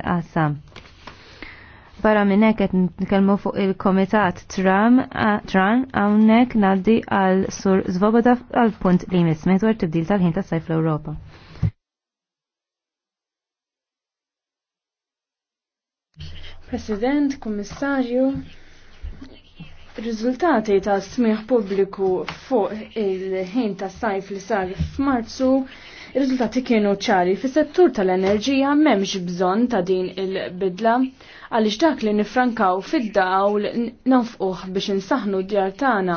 l-qasam. Barra minn hekk qed nitkellmu fuq il-Komitat Tram Tran hawnhekk ngħaddi għal Sur Zvoboda għal punt li jmiss medwar tibdil tal-ħin tas-sajf l europa President, Kummissarju, Riżultati ta' smieħ pubbliku fuq il-ħin tas sajf li sar f'Marzu Ir-riżultati kienu ċari fis-settur tal-enerġija m'hemmx bżonn ta' din il-bidla għaliex dak li nifrankaw fid-dawl nafquh biex insaħnu d-djar tagħna.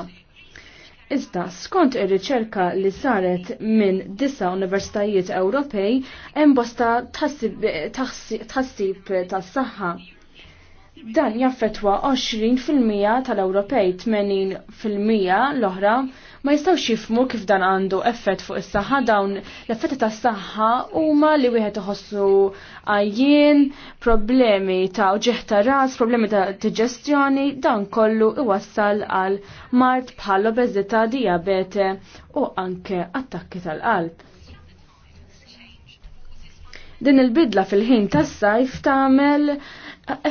Iżda, skont ir-riċerka li saret minn disa universitajiet Ewropej, hemm bosta tħassib tas-saħħa. Dan jaffetwa 20% tal-Ewropej, 80% l-oħra ma jistaw xifmu kif dan għandu effett fuq is-saħħa dawn l-effetti tas-saħħa huma li wieħed iħossu għajjien, problemi ta' uġeħ ta' ras, problemi ta' digestjoni, dan kollu iwassal għal mart bħal obeżità, diabete u anke attakki tal-qalb. Din il-bidla fil-ħin tas-sajf tagħmel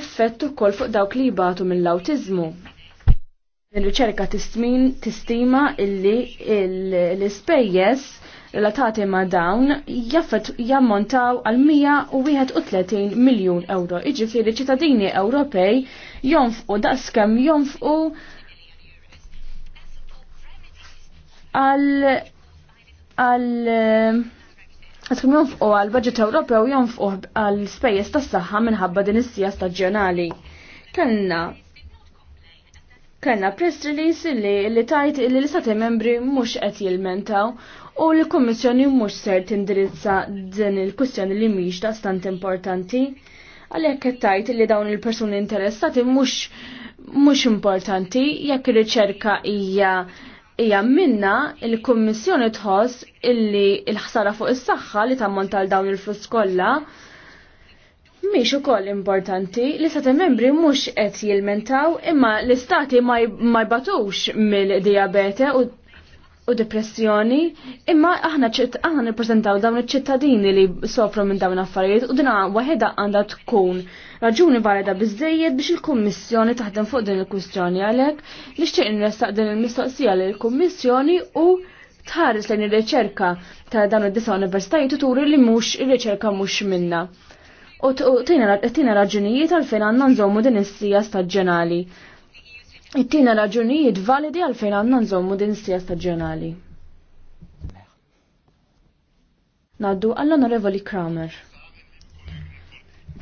effett ukoll fuq dawk li jibatu mill-awtiżmu Il-riċerka tistima illi l-ispejjeż relatati ma' dawn jaffet jammontaw għal 131 miljon euro. Iġifieri ċittadini Ewropej jonfqu daqskemm jonfqu għal għal Għatkum u għal budget Ewropew jonfqu għal spejjeż tas-saħħa minħabba din is-sija staġjonali. Kellna kena press release li li tajt li l-istati membri mhux qed jilmentaw u l-Kummissjoni mhux ser tindirizza din il-kwistjoni li mhix ta' stant importanti. Għalhekk qed tajt li dawn il-persuni interessati mhux mhux importanti jekk ir-riċerka hija hija minna il-Kummissjoni tħoss illi l-ħsara fuq is-saħħa li tammont għal dawn il-flus kollha Miex ukoll importanti li sa' membri mhux qed jilmentaw imma l-istati ma jbatux mill-diabete u, u depressjoni imma aħna aħna nippreżentaw dawn iċ-ċittadini li sofru minn dawn affarijiet u dina waħedha għandha tkun raġuni valida biżejjed biex il-Kummissjoni taħdem fuq din il-kwistjoni għalhekk xtieq nrestaq din il-mistoqsija lill-Kummissjoni u tħares lejn ir-riċerka ta' dawn id-disa universitajiet u turi li mhux ir-riċerka mhux minna u tina raġunijiet għalfejn għandna nżommu din is-sija staġġjonali. It-tina raġunijiet validi għalfejn għandna nżommu din is-sija staġġjonali. Naddu għall-Onorevoli Kramer.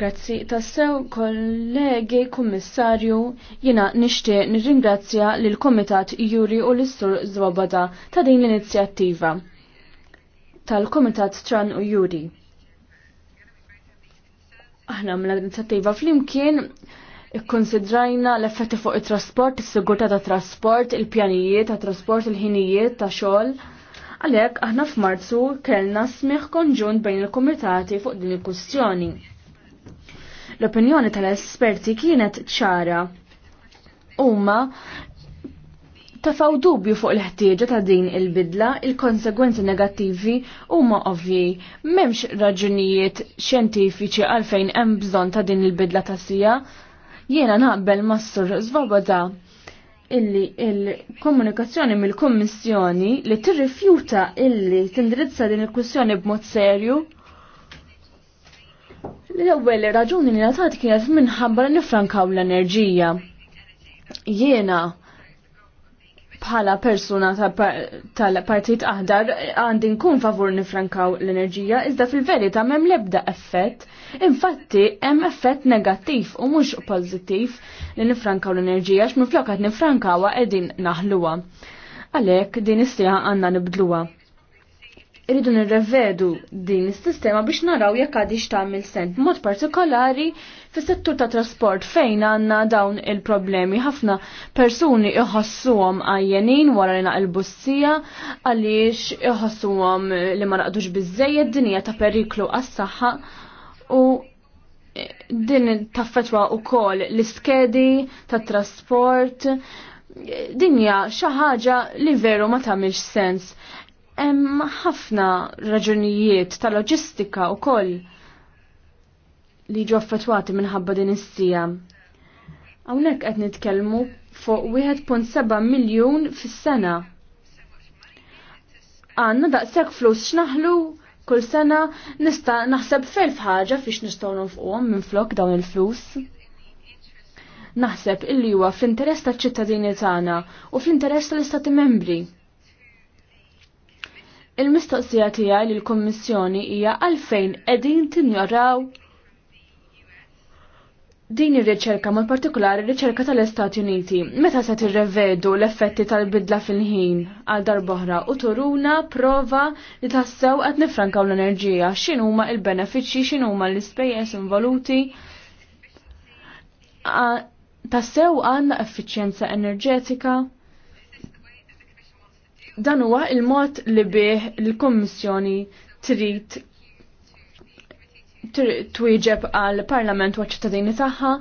Grazzi, tassew kollegi, kummissarju, jina nishti nirringrazzja lil komitat Juri u l-Istur Zwabada ta' din l-inizjattiva tal-Komitat Tran u Juri. Aħna mill-inizjattiva flimkien ikkonsidrajna l-effetti fuq it-trasport, is-sigurtà ta' trasport, il-pjanijiet ta' trasport, il-ħinijiet ta' xogħol. Għalhekk aħna f'Marzu kellna smigħ konġunt bejn il-kumitati fuq din il kustjoni L-opinjoni tal-esperti kienet ċara. Huma tafaw dubju fuq l-ħtieġa ta' din il-bidla, il-konsegwenzi negattivi huma ovvi. M'hemmx raġunijiet xjentifiċi għalfejn hemm bżonn ta' din il-bidla ta' sija. Jiena naqbel massur sur illi il-komunikazzjoni mill-Kummissjoni li tirrifjuta illi tindirizza din il-kwissjoni b'mod serju L-ewwel raġuni li ngħatat kienet minħabba nifrankaw l-enerġija. Jiena bħala persuna tal-partit aħdar għandi nkun favur nifrankaw l-enerġija, iżda fil-verita m'hemm lebda effett. Infatti hemm effett negattiv u mhux pożittiv li nifrankaw l-enerġija x'minflok qed qegħdin naħluha. Għalhekk din is-sieħa għandna nibdluha. Irridu nirrevedu din is-sistema biex naraw jekk għadix tagħmel sent mod partikolari fis-settur ta' trasport fejn għandna dawn il-problemi. Ħafna persuni iħossuhom għajjenin wara li naqilbu s-sija għaliex iħossuhom li ma naqdux biżejjed hija ta' periklu għas-saħħa u din taffetwa u kol l-iskedi ta' trasport dinja xaħġa li veru ma tamilx sens hemm ħafna raġunijiet ta' loġistika wkoll li ġo affettwati minħabba din is-sija. Hawnhekk qed nitkellmu fuq 1.7 miljun fis-sena. Għanna daqshekk flus x'naħlu kull sena nista' naħseb fejn f'ħaġa fiex nistgħu nofquhom minn flok dawn il-flus. Naħseb illi huwa fl-interess taċ-ċittadini tagħna u fl-interess tal-istati membri Il-mistoqsija tiegħi li l-Kummissjoni hija għalfejn qegħdin tinjoraw din ir-riċerka mal partikolari riċerka tal-Istati Uniti meta se tirrevedu l-effetti tal-bidla fil-ħin għal darboħra u turuna prova li tassew qed nifrankaw l-enerġija x'in huma l-benefiċċji x'in huma l-ispejjeż involuti tassew għandna effiċjenza enerġetika dan huwa il-mod li bih l-Kommissjoni trid twieġeb għal Parlament u ċittadini tagħha.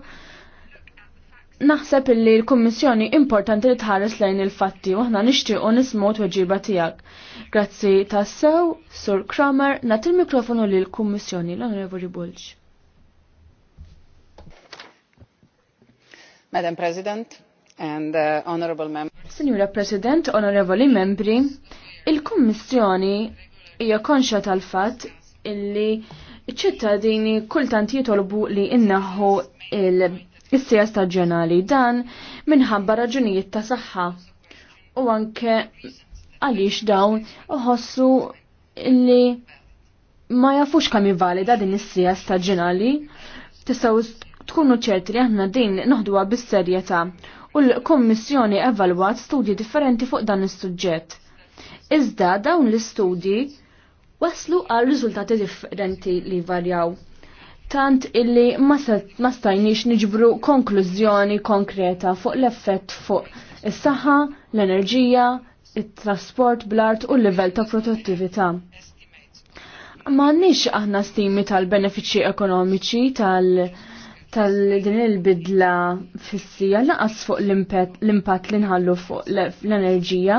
Naħseb li l-Kommissjoni importanti li tħares lejn il-fatti u aħna nixtiequ nismu tweġiba tiegħek. Grazzi tassew, Sur Kramer, nagħti il-mikrofonu lil kummissjoni l-Onorevoli Bulġ. Madam President, and uh, honorable members. Signora President, onorevoli membri, il-Kummissjoni hija konxa tal-fatt illi ċ ċittadini kultant jitolbu li innaħu il-sija staġjonali dan minħabba raġunijiet ta' saħħa u anke għaliex dawn uħossu illi ma jafux kam valida din is-sija staġjonali tistgħu tkunu ċerti li aħna din noħduha bis-serjetà u l-Kommissjoni evalwat studji differenti fuq dan is-suġġett. Iżda dawn l-istudji waslu għal riżultati differenti li varjaw. Tant illi ma stajniex niġbru konklużjoni konkreta fuq l-effett fuq is-saħħa, l-enerġija, it-trasport bl-art u l-livell ta' produttività. Ma nix aħna stimi tal-benefiċi ekonomiċi tal-, tal tal-din il-bidla fissija laqas fuq l-impatt li nħallu fuq l-enerġija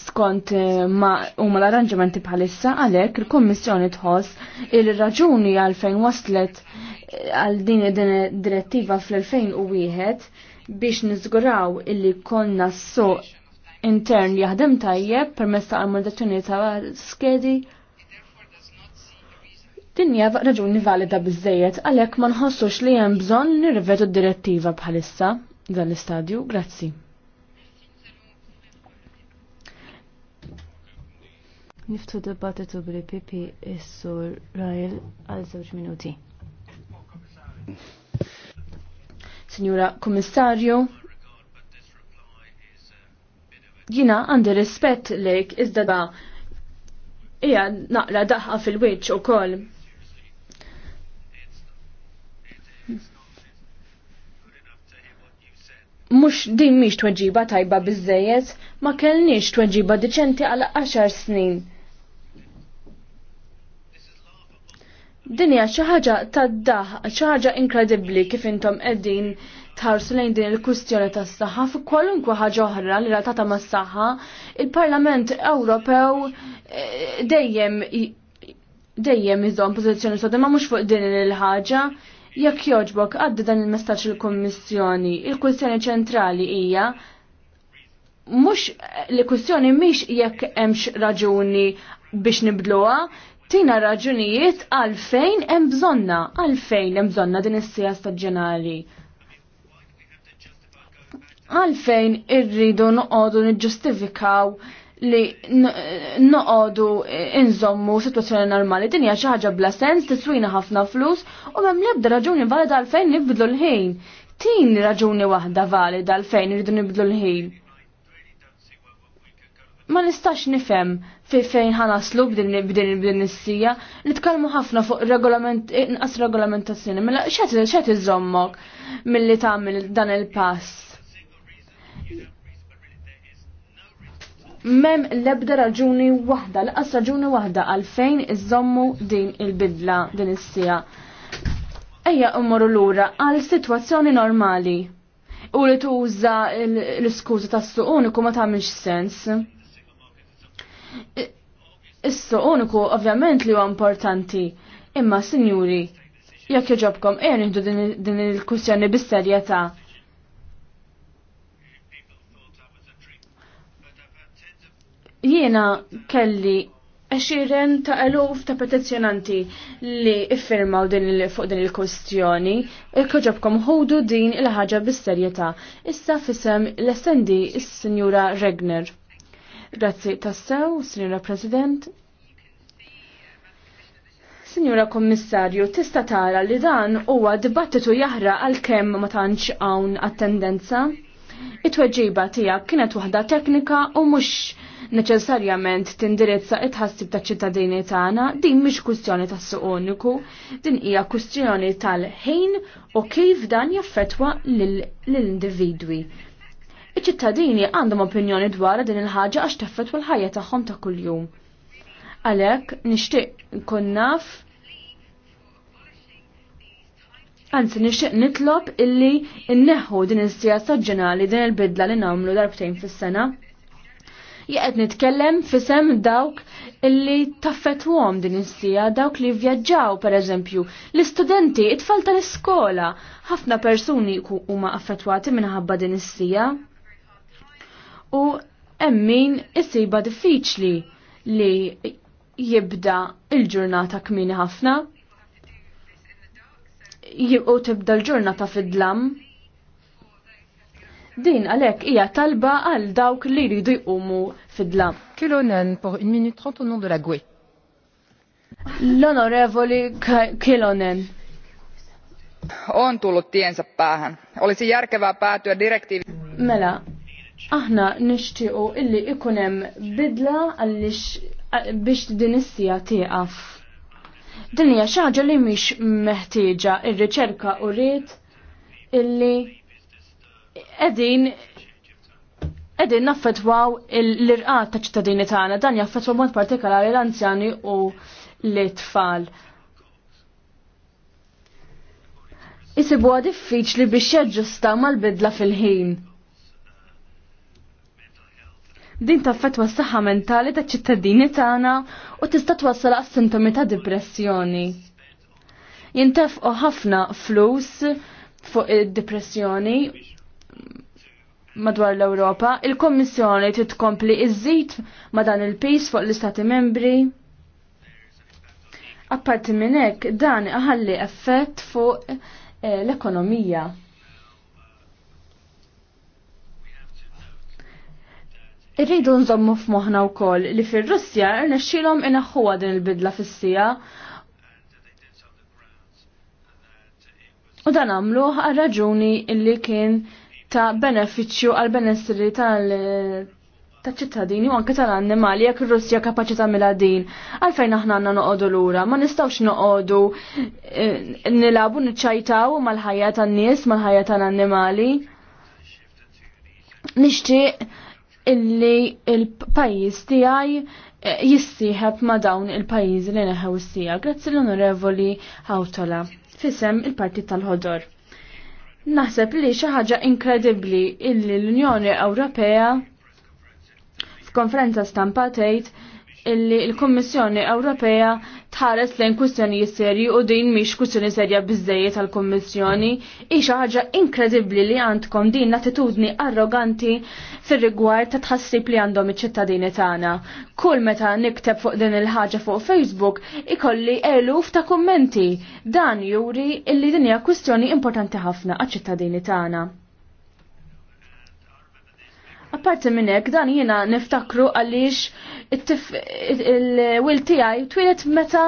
skont eh, ma huma l-arranġamenti bħalissa għalhekk il-Kummissjoni tħoss il-raġuni għalfejn waslet eh, għal din direttiva fl-2001 biex niżguraw illi konna s-suq intern jaħdem tajjeb permezz ta' armonizzazzjoni ta' skedi Dinja raġuni valida bizzejiet għalhekk ma nħossux li hemm bżonn nirrivedu d-direttiva bħalissa dan l-istadju. Grazzi. Niftu dibattitu bil pipi is-sur Rajl għal żewġ minuti. Signora Kummissarju, jina għandi rispett lejk iżda da hija naqra daħħa fil-wiċċ ukoll mux din miex tweġiba tajba bizzejet, ma kellniex tweġiba diċenti għal 10 snin. Dinja xi ħaġa tad-daħ, xi ħaġa inkredibbli kif intom qegħdin tħarsu lejn din il-kwistjoni tas-saħħa fuq kwalunkwe ħaġa oħra li ratata mas-saħħa, il-Parlament Ewropew eh, dejjem dejjem iżom pożizzjoni sodda ma mhux fuq din il-ħaġa, Jekk joġbok għaddi dan il-messaġġ il-Kommissjoni, il-kwistjoni ċentrali hija mhux li kwistjoni mhix jekk hemmx raġuni biex nibdluha, tina raġunijiet għalfejn hemm bżonna, għalfejn hemm bżonna din is-sija staġġjonali. Għalfejn irridu noqogħdu niġġustifikaw li noqodu inżommu situazzjoni normali din hija xi ħaġa bla sens tiswina ħafna flus u hemm l-ebda raġuni valida għalfejn nibdlu l-ħin. Tin raġuni waħda valida għalfejn irridu nibdlu l-ħin. Ma nistax nifhem fi fejn ħanaslu b'din b'din is li nitkellmu ħafna fuq regolament inqas regolamentazzjoni, mela x'għed iżommok milli tagħmel dan il-pass mem lebda raġuni wahda, laqas raġuni wahda għalfejn iżommu din il-bidla din is-sija. Ejja immorru lura għal situazzjoni normali. U li tuża l-iskuża tas-suq ma tagħmilx sens. Is-suq ovvjament li huwa importanti, imma sinjuri, jekk joġobkom qiegħu din il-kwistjoni bis-serjetà Jiena kelli għaxiren ta' eluf ta' petizjonanti li iffirmaw din fuq din il-kustjoni, il-koġobkom ħudu din il-ħagġa bis-serjetà. Issa fisem l-essendi s-Sinjura Regner. Grazzi tassew, Sinjura President. Sinjura Kommissarju, tista tara li dan huwa dibattitu jahra għal kem ma tantx hawn attendenza. It-tweġiba tiegħek kienet waħda teknika u mhux neċessarjament tindirizza it-ħassib ta' ċittadini tagħna, din mhix kwistjoni ta' suq uniku, din hija kwistjoni tal-ħin u kif dan jaffetwa lill-individwi. Iċ-ċittadini għandhom opinjoni dwar din il-ħaġa għax taffetwa l-ħajja tagħhom ta' kuljum. Għalhekk nixtieq nkun naf Anzi, nixtieq nitlob illi inneħħu din is-sijasa ġenali din il-bidla li nagħmlu darbtejn fis-sena jgħed nitkellem fisem dawk illi għom din is-sija dawk li vjaġġaw pereżempju l-istudenti, it-tfal tal-iskola. Ħafna persuni huma affettwati minħabba din is-sija. U hemm min isiba diffiċli li jibda il-ġurnata kmini ħafna. U tibda l-ġurnata fid-dlam. Din għalek hija talba għal dawk li jridu jqumu fidla. Kilonen, pour une minute trente au nom de la GUE. L'onorevoli Kilonen. On tullut tiensä päähän. Olisi järkevää päätyä direktiiviin. Mela, aħna nishtiqu illi ikunem bidla għallix biex din issija tieqaf. Din hija xi ħaġa li mhix meħtieġa ir-riċerka u rrid illi qegħdin edin naffetwaw l-irqat ta' ċittadini tagħna dan jaffetwaw mod partikolari l-anzjani u l-tfal. Isibu għad diffiċli biex jadġusta mal-bidla fil-ħin. Din fetwa s-saħħa mentali ta' ċittadini tagħna u tista' twassal għas sintomi ta' depressjoni. Jintefqu ħafna flus fuq id-depressjoni madwar l-Ewropa, il-Kommissjoni titkompli iż-żid ma' dan il-pis fuq l-Istati membri. Apparti minn hekk dan iħalli effett fuq eh, l-ekonomija. Irridu nżommu f'moħħna wkoll li fir-Russja rnexxielhom inaħħuha din il-bidla fis-sija u dan għamluh għal raġuni illi kien ta' beneficju għal benessri tal ta' ċittadini u anke tal-annimali jekk ir-Russja kapaċi tagħmilha din. Għalfejn aħna għandna noqogħdu lura, ma nistgħux noqogħdu eh, nilabu niċċajtaw mal-ħajja tan-nies, mal-ħajja tal-annimali. Nixtieq illi l pajjiż tiegħi eh, jissieħeb ma' dawn il-pajjiżi li neħew issija. Grazzi l-Onorevoli Hawtola, fisem il-Partit tal-Ħodor. Naħseb li xi ħaġa inkredibbli illi l-Unjoni Ewropea f'konferenza stampa tgħid illi l-Kummissjoni Ewropea tħares lejn kwistjonijiet serji u din mhix kwistjoni serja biżejjed tal-Kummissjoni, hi xi ħaġa inkredibli li għandkom din l-attitudni arroganti fir-rigward ta' tħassib li għandhom iċ-ċittadini tagħna. Kull meta nikteb fuq din il-ħaġa fuq Facebook ikolli eluf ta' kummenti. Dan juri illi din hija kwistjoni importanti ħafna għaċ-ċittadini tagħna. Apparti minn hekk dan jiena niftakru għaliex il-wil tiegħi twilet meta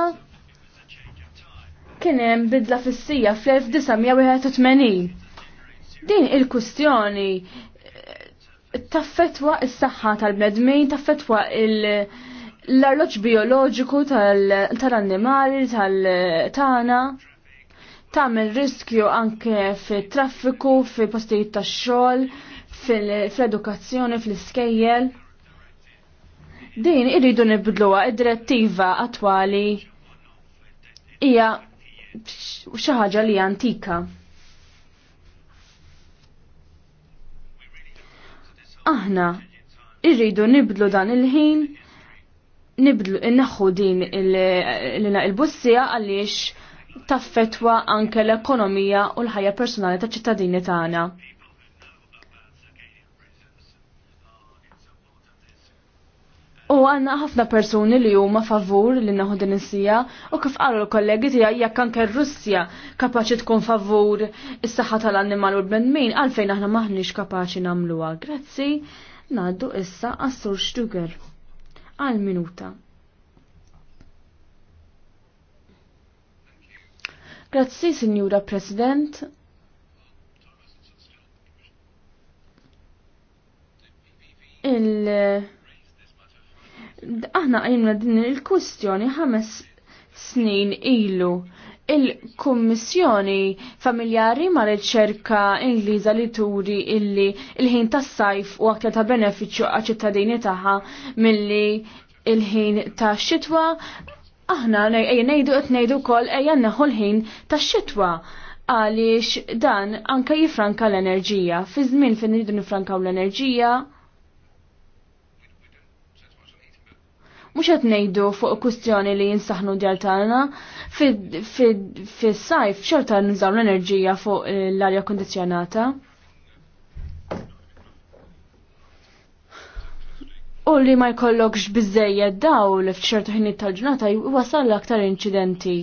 kien hemm bidla fis-sija fl-1981. Din il-kustjoni eh, taffetwa is-saħħa tal-bnedmin, taffetwa l arloċ bioloġiku tal-annimali, tal-tana, tamil riskju anke fi traffiku, fi postijiet tax xogħol fil-edukazzjoni, fil-iskejjel. Din irridu nibdluha id-direttiva attwali hija xi ħaġa li antika. Aħna irridu nibdlu dan il-ħin nibdlu naħħu din il-bussija għaliex taffetwa anke l-ekonomija u l-ħajja personali ta' ċittadini tagħna. U għanna ħafna persuni li huma favur li naħu din is-sija u kif qalu l-kollegi tiegħi jekk anke r-Russja kapaċi tkun favur is-saħħa tal-annimal u l-bnedmin għalfejn aħna maħniex kapaċi nagħmluha. Grazzi, ngħaddu issa għas-Sur Stuger. Għal minuta. Grazzi, Signora President. Il- aħna għajmna din il-kustjoni ħames snin ilu. Il-Kummissjoni familjari ma' riċerka Ingliża li turi illi il-ħin tas sajf u aktar ta' benefiċċju għal ċittadini tagħha milli il-ħin ta' xitwa aħna ngħidu qed ngħidu wkoll ejja neħu l-ħin tax xitwa għaliex dan anke jifranka l-enerġija. Fi żmien fejn nridu nifrankaw l-enerġija, Mux għet nejdu fuq kustjoni li jinsaħnu djaltana, fil-sajf xorta nżaw l-enerġija fuq l-arja kondizjonata. U li ma jkollokx bizzejjed daw li fċertu ħinit tal ġunata wasal l-aktar incidenti.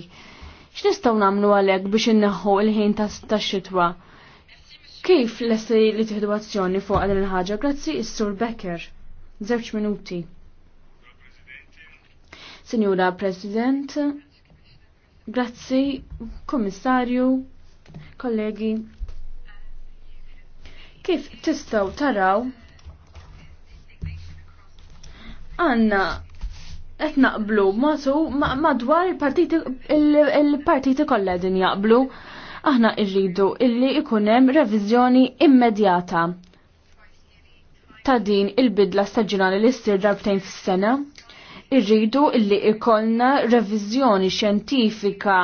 X'nistgħu nagħmlu għalhekk biex inneħħu il-ħin tax-xitwa? Kif lesti li tieħdu azzjoni fuq għal il-ħaġa? Grazzi is-Sur Becker. Żewġ minuti. Signora President, grazzi, Komissarju, kollegi. Kif tistaw taraw għanna qed naqblu matu madwar il-partiti il-partiti kollha din jaqblu aħna rridu illi ikun hemm reviżjoni immedjata ta' din il-bidla staġunali li ssir darbtejn fis-sena irridu illi ikollna revizjoni xjentifika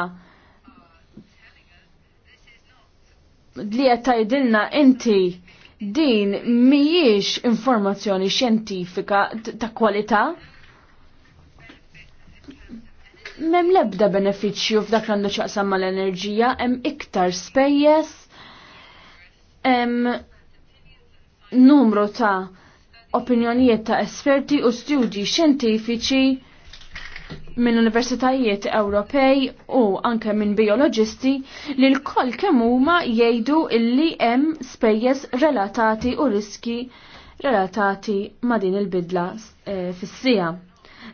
li qed tgħidilna inti din mhijiex informazzjoni xjentifika ta' kwalità. Mem lebda benefiċċju f'dak għandu ma mal-enerġija, hemm iktar spejjes, hemm numru ta' opinjonijiet ta' esperti u studji xjentifiċi minn universitajiet Ewropej u anke minn bioloġisti li l-koll kemm huma jgħidu illi hemm spejjeż relatati u riski relatati ma' din il-bidla e, fis-sija.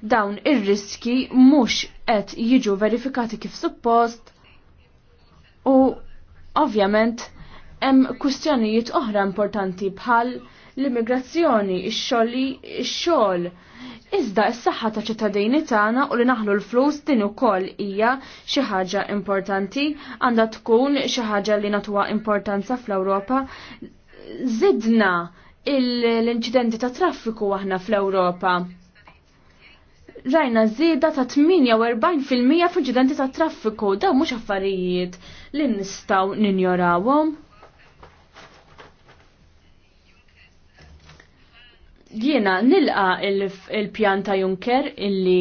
Dawn ir-riski mhux qed jiġu verifikati kif suppost u ovvjament hemm kwistjonijiet oħra importanti bħal l-immigrazzjoni, ix-xogħli, ix-xogħol. Iżda s-saħħa ta' ċittadini tagħna u li naħlu l-flus din ukoll hija xi ħaġa importanti, għandha tkun xi ħaġa li natuha importanza fl-Ewropa. Zidna l-inċidenti ta' traffiku aħna fl-Ewropa rajna zida ta' 48% fil-ġidenti ta' traffiku, da' mhux affarijiet li nistgħu ninjorawhom. jiena nilqa il-pjan ta' Juncker illi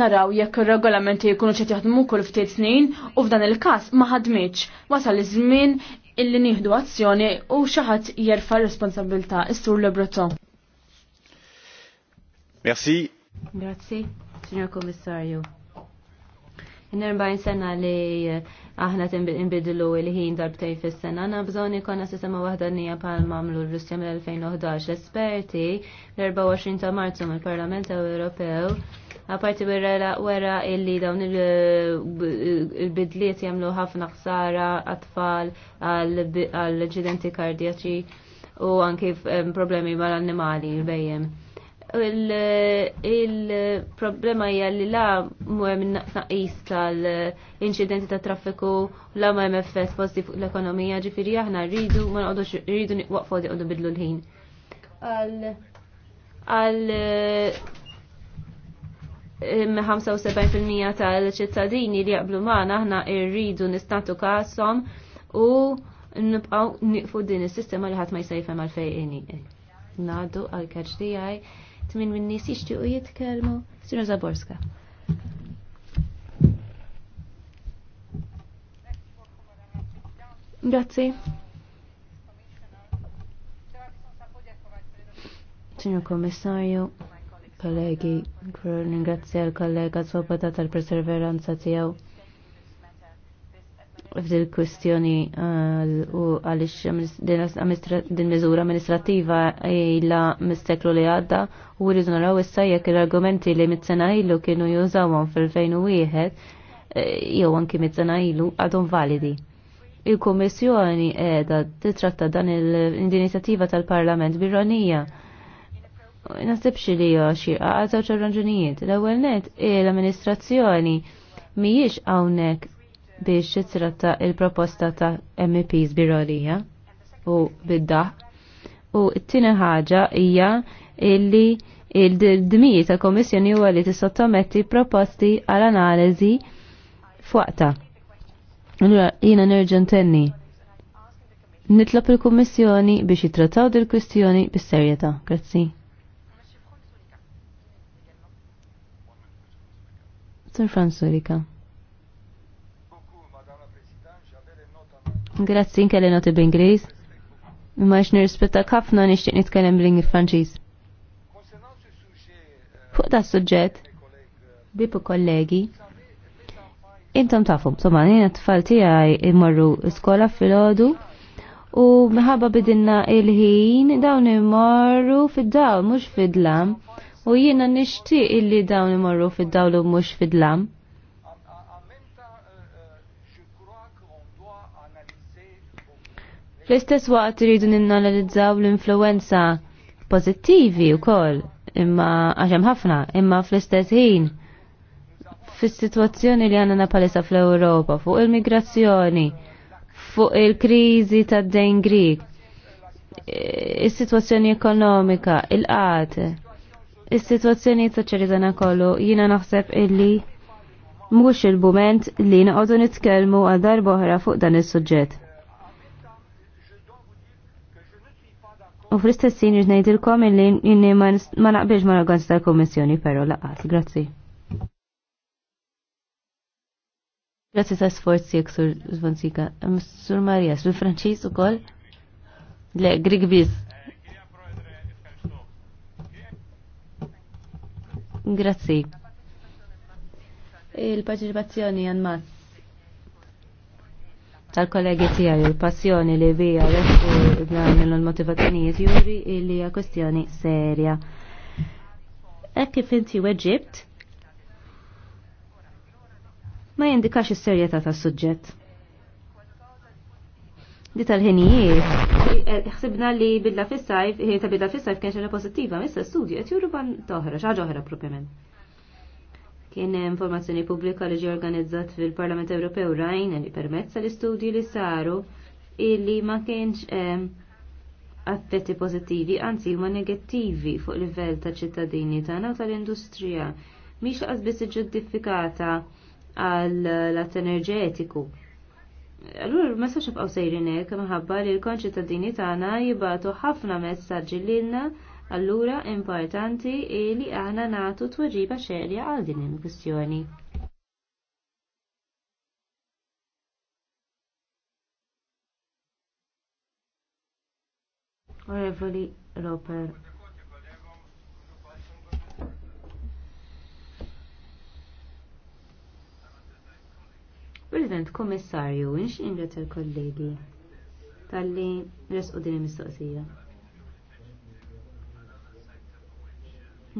naraw jekk ir-regolamenti jkunu ċet jaħdmu kull ftit snin u f'dan il-każ ma ħadmitx wasal iż-żmien illi nieħdu azzjoni u xi ħadd jerfa' responsabilità istur Le Breton. Merci. Grazzi, Signor Kommissarju. 40 sena li eh, aħna timbidlu il-ħin darbtej fis-sena, bżoni konna s sistema wahda nija pal mamlu l-Russja mill-2011. Esperti l-24 ta' Marzu mill-Parlament Ewropew Aparti birrela wera illi dawn eh, il-bidliet jamlu ħafna ħsara għatfall għal ġidenti kardjaċi u anki problemi mal-annimali bejjem il-problema hija li la mwem naqis tal-inċidenti ta' traffiku la mwem effett pozitiv fuq l-ekonomija ġifieri aħna rridu ma nqogħdux rridu waqfu li qogħdu bidlu l-ħin. Għal 75% tal-ċittadini li jaqblu magħna aħna rridu nistatu kasom u nibqgħu niqfu din is-sistema li ħadd ma jsejfem għal fejqini. Nadu għal-kaċ tmin minn nies jixtiequ jitkellmu. Sinu Zaborska. Grazzi. Signor Kommissarju, kollegi, ringrazzja l-kollega Swoboda tal-perseveranza tiegħu f'dil kwestjoni uh, u għalix din miżura amministrativa illa misteklu li għadda u rridu naraw issa jekk l-argumenti li mit ilu kienu jużawhom fil-2001 eh, jew anki mit ilu għadhom validi. Il-Kummissjoni qiegħda titratta dan l-inizjattiva tal-Parlament birronija. Nasibx li xi għażaw raġunijiet: L-ewwel net l-amministrazzjoni mhijiex hawnhekk biex jitratta il-proposta ta' MEPs birolija u bid-daħ. U t-tina ħaġa hija illi il dmijiet ta' komissjoni huwa li tissottometti proposti għal analiżi fuqta. Allura jiena nerġa' ntenni. Nitlob il-Kummissjoni biex jitrattaw dil kwistjoni bis-serjetà. Grazzi. Sir Ulrika. Grazzi nkelli noti b'Ingliż. Imma x nirrispettak ħafna nixtieq nitkellem bl-Ingliż Franċiż. Fuq da suġġett, bibu kollegi, intom tafum, somma, jena t-tfal tijaj imorru skola fil-ħodu u mħabba bidinna il-ħin dawn imorru fid-dawl, mux fid-lam u jena nishtiq illi dawn imorru fid-dawl u mux fid-lam. L-istess waqt rridu ninnalizzaw l-influenza pozittivi wkoll imma għaxem ħafna, imma fl-istess ħin fis-sitwazzjoni li għandna palissa fl-Ewropa fuq il-migrazzjoni, fuq il-kriżi tad-dejn Grik, is-sitwazzjoni ekonomika, il-qat, is-sitwazzjoni ta' ċerizana kollu jiena naħseb illi mhux il-bument li noqogħdu nitkellmu għal darba oħra fuq dan is-suġġett. U fl-istess jien ngħidilkom illi inni ma naqbilx ma l tal kommissjoni pero laqat, Grazzi. Grazzi ta' sforzi jek sur Zvonzika. Sur Marija, sur Franċis ukoll? Le, Grig bis. Grazzi. Il-parċipazzjoni għan tal-kollegi tijaj, il-passjoni li bija, dan il-motivazzjonijiet juri li hija kwestjoni serja. Hekk kif inti weġibt ma jindikax is-serjetà tas-suġġett. Di tal-ħinijiet, ħsibna li bidla fis-sajf, ta' bidla fis-sajf kien xaġa pożittiva, issa studju qed juru ban toħra, xaġa oħra propjament kien informazzjoni pubblika li ġie organizzat fil-Parlament Ewropew rajn li permezza l-istudji li saru illi ma kienx ehm, affetti pozittivi, anzi ma negattivi fuq livell ta' ċittadini tagħna u tal-industrija. Mhix laqas biss ġustifikata għal lat enerġetiku. Allura ma sax nibqgħu sejrin hekk minħabba li l-konċittadini tagħna jibatu ħafna messaġġi lilna allura importanti li aħna nagħtu tweġiba xerja għal din il-kwistjoni. Revoli Roper. President, Komissarju, inx ingrazz il-kollegi tal-li resqu din il-mistoqsija.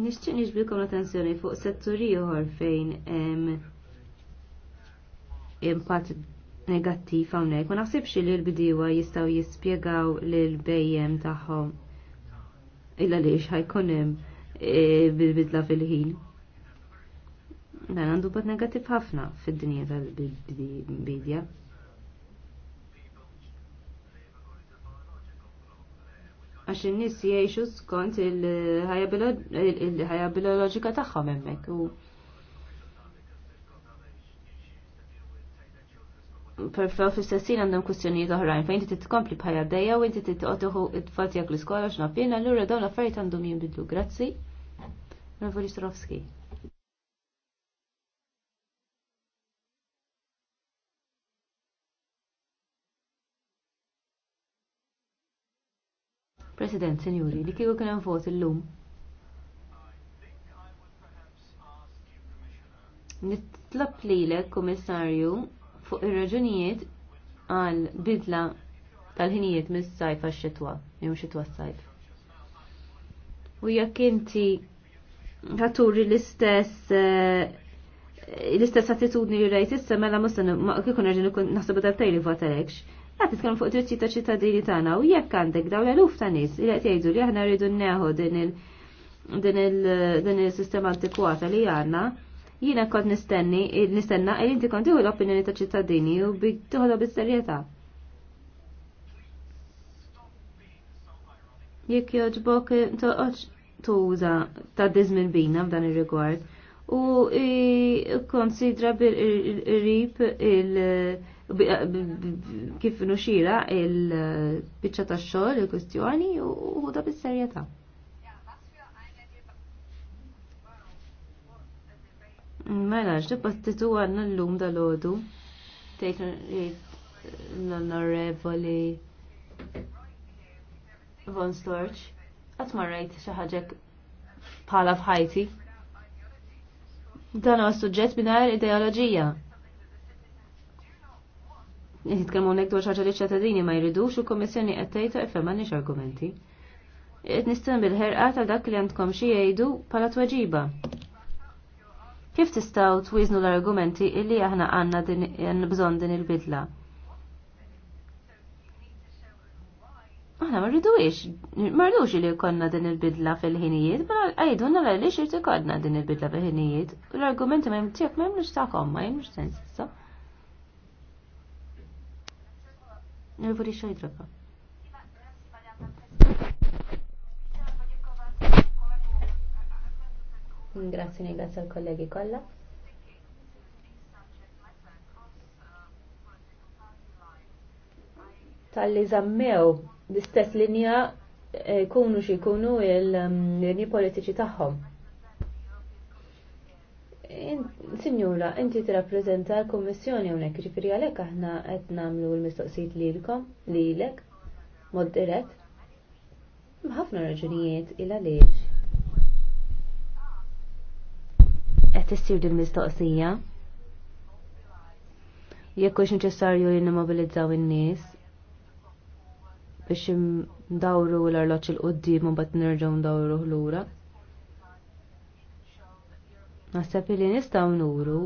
Nixtieq l-attenzjoni fuq setturi uħor fejn impatt negattiv hawnhekk. Ma naħsibx li l-bdiewa jistgħu jispjegaw lil bejjem tagħhom illa lix ħajkun hemm e, bil-bidla fil-ħin. Dan għandu bad negattiv ħafna fid-dinja tal-bidja. għax in-nies jgħixu skont il-ħajja biologika tagħhom hemmhekk u per fil sessin għandhom kustjonijiet oħrajn fejn inti tkompli bħajja dejja u inti titqotuħu t-tfal tiegħek l-iskola x'napjena allura dawn l-affarijiet għandhom jinbidlu. Grazzi. Navoli President, senjuri, li kieku kien hemm vot illum. Nitlab lilek, komissarju fuq ir-raġunijiet għal bidla tal-ħinijiet mis-sajf għax-xitwa, jew xitwa s-sajf. U jekk inti għaturi l-istess eh, l-istess attitudni li rajt issa mela ma kikun rġin naħseb tal-tej li votarekx. Għat titkellem fuq dritti ta' ċittadini tagħna u jekk għandek daw l-eluf ta' nies li qed jgħidu li aħna rridu neħu din il- din il-sistema antikwata li għandna Jiena kont nistenni, nistenna il inti kont l-opinjoni ta' ċittadini u bittuħdu tieħodha bis-serjetà. Jekk jogħġbok toqgħodx tuża ta' diżmin bina f'dan ir-rigward u konsidra bil-rib il- kif nuxira il-bicċa ta' xogħol il kwistjoni u da bis-serjetà. Mela, ġdibattitu għanna l-lum dal-ħodu. Tejt l-onorevoli Von Storch. Għatma rajt xaħġek pala fħajti. Dan għas huwa suġġett mingħajr ideoloġija. Nitkellmu nek dwar xaħġa li ċatadini ma jridux u komissjoni qed tgħid nix argumenti. Qed nistenn bil-ħerqa ta' dak li għandkom xi jgħidu bħala tweġiba. Kif tistaw twiznu l-argumenti illi aħna għanna din bżon din il-bidla? Aħna marridux, marridux li konna din il-bidla fil-ħinijiet, ma għajdu nara li xirti konna din il-bidla fil-ħinijiet. L-argumenti ma jimtijak ma jimlux taqom, ma jimlux sens, sa? Nil-vuri xajdropa. Grazzi ringrazzi al kollegi kollha. Talli zammew l-istess linja jkunu eh, xi jkunu il linji politiċi tagħhom. Sinjura, inti tirrappreżenta l-Kummissjoni hawnhekk, ġifieri għalhekk aħna qed nagħmlu l-mistoqsijiet lilkom lilek mod dirett. Ħafna raġunijiet il għaliex tissir din mistoqsija. Jekk hux neċessarju li nimmobilizzaw in-nies biex ndawru l-arloġġ il-qoddim u mbagħad nerġgħu ndawru lura. Naħseb li nistgħu nuru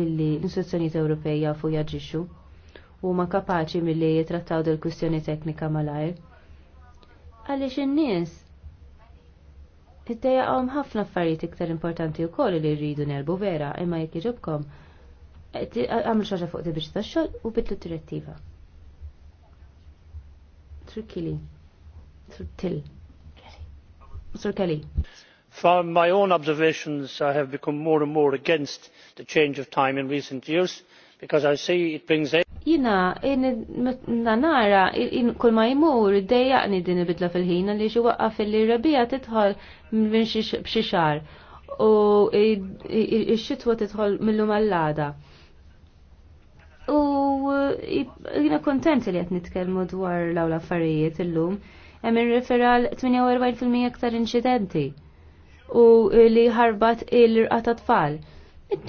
illi l-istituzzjonijiet Ewropej fuq jaġixxu huma kapaċi milli jitrattaw dil kwistjoni teknika malajr. Għaliex in-nies Iddeja għom ħafna affarijiet iktar importanti u koll li rridu nerbu vera, imma jek iġobkom. Għamlu xaġa fuq biex ta' xol u bitlu direttiva. Sur kili. Sur til. Sur From my own observations, I have become more and more against the change of time in recent years because I see it brings in jina, nara, kull ma jimur, dejjaqni din bidla fil ħina li xie waqqa fil-rabija titħol minn xie u xitwa titħol millu lum għallada. U jina kontent li għet nitkelmu dwar law l-affarijiet il-lum, għemmin referal 48% aktar incidenti u li ħarbat il-rqata tfal.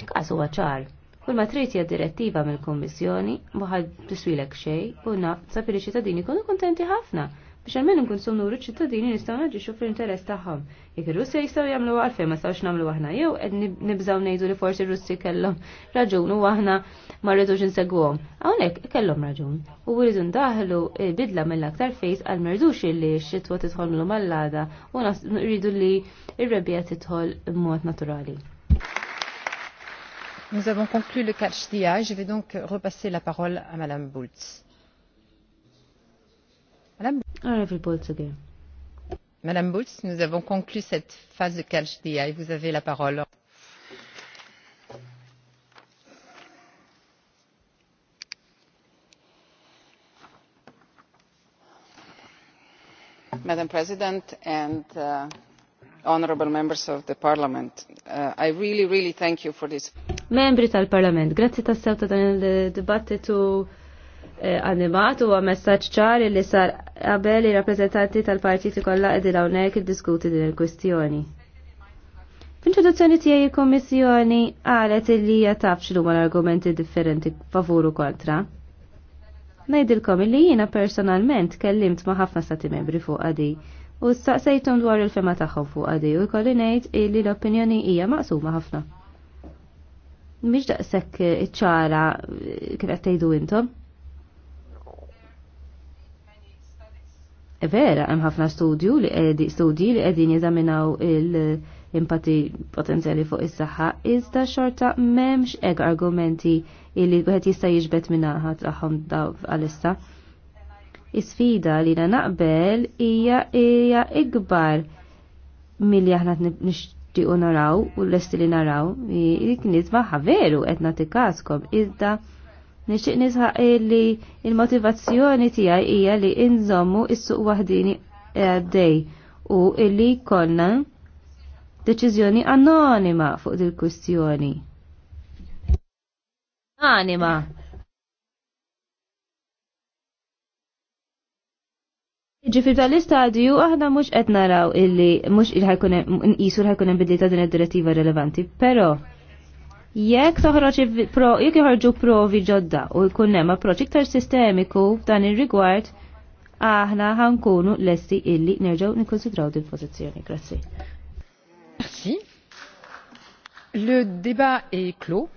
Kasu għacħar Kull ma trid hija direttiva mill-Kummissjoni waħad tiswilek xej u naf li ċittadini jkunu kuntenti ħafna biex għalmen nkun iċ ċittadini nistgħu naġixxu fl-interess tagħhom. Jekk ir-Russja jistgħu jagħmlu għalfejn ma stawx nagħmlu aħna jew qed nibżgħu ngħidu li forsi r-Russi kellhom raġun u aħna ma rridux insegwhom. Hawnhekk kellhom raġun. U rridu ndaħlu bidla mill-aktar fejs għal merdux li x-xitwa tidħol mill għall-għada u rridu li r-rebja tidħol b'mod naturali nous avons conclu le catch the eye. Je vais donc repasser la parole à Madame Bultz. Madame, ah, Madame nous avons conclu cette phase de catch the eye. Vous avez la parole. Madam President and uh, honorable members of the Parliament, uh, I really, really thank you for this membri tal-Parlament. Grazzi tas-sew ta' dan il-dibattitu eh, animat u messaġġ ċar li sar qabel i rappreżentanti tal-partiti kollha qegħdin hawnhekk iddiskuti din il-kwistjoni. F'introduzzjoni tiegħi il-Kommissjoni qalet illi hija taf x'huma l-argumenti differenti favur u kontra. Ngħidilkom illi jiena personalment kellimt ma' ħafna stati membri fuq għadi u staqsejtum dwar il-fema tagħhom fuq għadi u jkolli ngħid illi l-opinjoni hija maqsuma ħafna mhix daqshekk eh, iċ-ċara eh, kif qed tgħidu intom. Vera, hemm ħafna studju li qegħdi studji li qegħdin jeżaminaw il-impatti potenzjali fuq is-saħħa, iżda xorta m'hemmx hekk argumenti li wieħed jista' jiġbed minnaħa tagħhom għalissa. Is-sfida li na naqbel hija hija ikbar milli aħna u naraw u l-esti li naraw dik nisbaħħa veru qed nagħti kaskom iżda nixtieq nisħaq li il-motivazzjoni tiegħi hija li inżommu il suq wahdini għaddej u illi konna deċiżjoni anonima fuq dil kustjoni Anima. Ġifir tal-istadju aħna mhux qed naraw illi mhux il-ħajkun nqisu isur ħajkun hemm bidli ta' din id-direttiva relevanti, però jekk pro, jekk joħorġu provi ġodda u jkun hemm approċċ iktar sistemiku f'dan ir-rigward aħna ħankunu lesti illi nerġgħu nikkonsidraw din pożizzjoni. Grazzi. Merci. Le débat est clos.